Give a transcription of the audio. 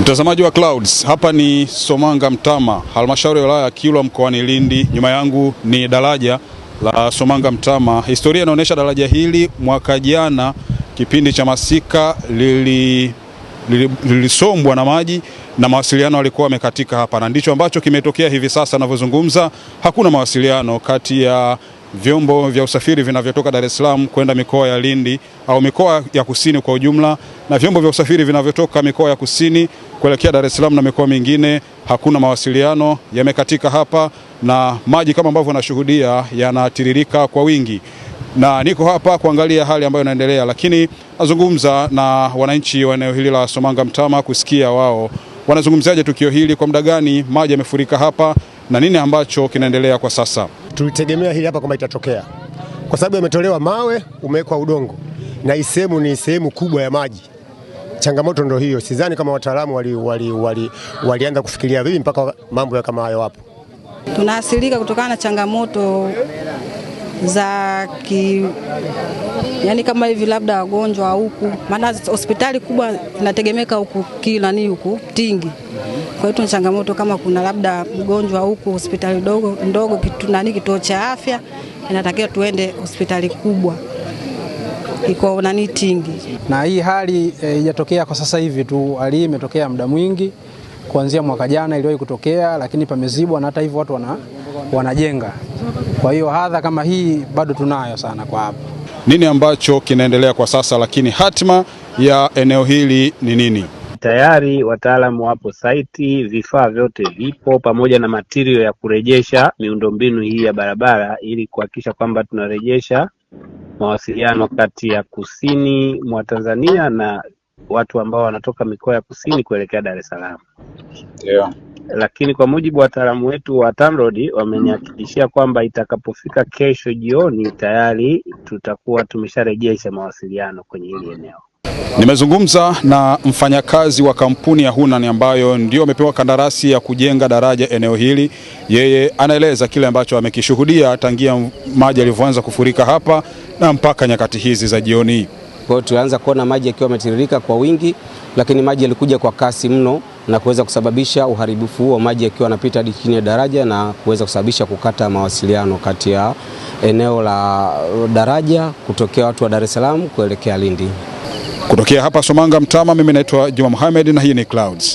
Mtazamaji wa Clouds, hapa ni Somanga Mtama, halmashauri ya wilaya ya Kilwa mkoani Lindi. Nyuma yangu ni daraja la Somanga Mtama. Historia inaonyesha daraja hili mwaka jana kipindi cha masika lili lilisombwa na maji na mawasiliano yalikuwa yamekatika hapa, na ndicho ambacho kimetokea hivi sasa. Ninavyozungumza hakuna mawasiliano kati ya vyombo vya usafiri vinavyotoka Dar es Salaam kwenda mikoa ya Lindi au mikoa ya kusini kwa ujumla, na vyombo vya usafiri vinavyotoka mikoa ya kusini kuelekea Dar es Salaam na mikoa mingine, hakuna mawasiliano, yamekatika hapa, na maji kama ambavyo unashuhudia yanatiririka kwa wingi na niko hapa kuangalia hali ambayo inaendelea, lakini nazungumza na wananchi wa eneo hili la Somanga Mtama kusikia wao wanazungumziaje tukio hili, kwa muda gani maji yamefurika hapa na nini ambacho kinaendelea kwa sasa tulitegemea hili hapa kwamba itatokea, kwa sababu yametolewa mawe, umewekwa udongo na isehemu ni sehemu kubwa ya maji. Changamoto ndo hiyo, sidhani kama wataalamu walianza wali, wali, wali kufikiria vipi mpaka mambo ya kama hayo hapo. Tunaasilika kutokana na changamoto za ki, yani kama hivi labda wagonjwa huku, maana hospitali kubwa inategemeka huku kinani huku Tingi. Kwa hiyo changamoto kama kuna labda mgonjwa huku hospitali dogo ndogo kitu, nani kituo cha afya, inatakiwa tuende hospitali kubwa iko nani Tingi. Na hii hali ijatokea e, kwa sasa hivi tu, hali hii imetokea muda mwingi kuanzia mwaka jana iliwahi kutokea, lakini pamezibwa na hata hivyo watu wana, wanajenga kwa hiyo hadha kama hii bado tunayo sana kwa hapa. Nini ambacho kinaendelea kwa sasa, lakini hatima ya eneo hili ni nini? Tayari wataalamu wapo saiti, vifaa vyote vipo pamoja na matirio ya kurejesha miundombinu hii ya barabara ili kuhakikisha kwamba tunarejesha mawasiliano kati ya kusini mwa Tanzania na watu ambao wanatoka mikoa ya kusini kuelekea Dar es Salaam. Ndio lakini kwa mujibu wa wataalamu wetu wa TANROADS wamenihakikishia kwamba itakapofika kesho jioni tayari tutakuwa tumesharejesha mawasiliano kwenye hili eneo. Nimezungumza na mfanyakazi wa kampuni ya Hunan ambayo ndio amepewa kandarasi ya kujenga daraja eneo hili. Yeye anaeleza kile ambacho amekishuhudia tangia maji yalivyoanza kufurika hapa na mpaka nyakati hizi za jioni. Kwa hiyo tulianza kuona maji yakiwa yametiririka kwa wingi, lakini maji yalikuja kwa kasi mno na kuweza kusababisha uharibifu huo, maji yakiwa yanapita hadi chini ya daraja na kuweza kusababisha kukata mawasiliano kati ya eneo la daraja kutokea watu wa Dar es Salaam kuelekea Lindi. Kutokea hapa Somanga Mtama, mimi naitwa Juma Mohamed na hii ni Clouds.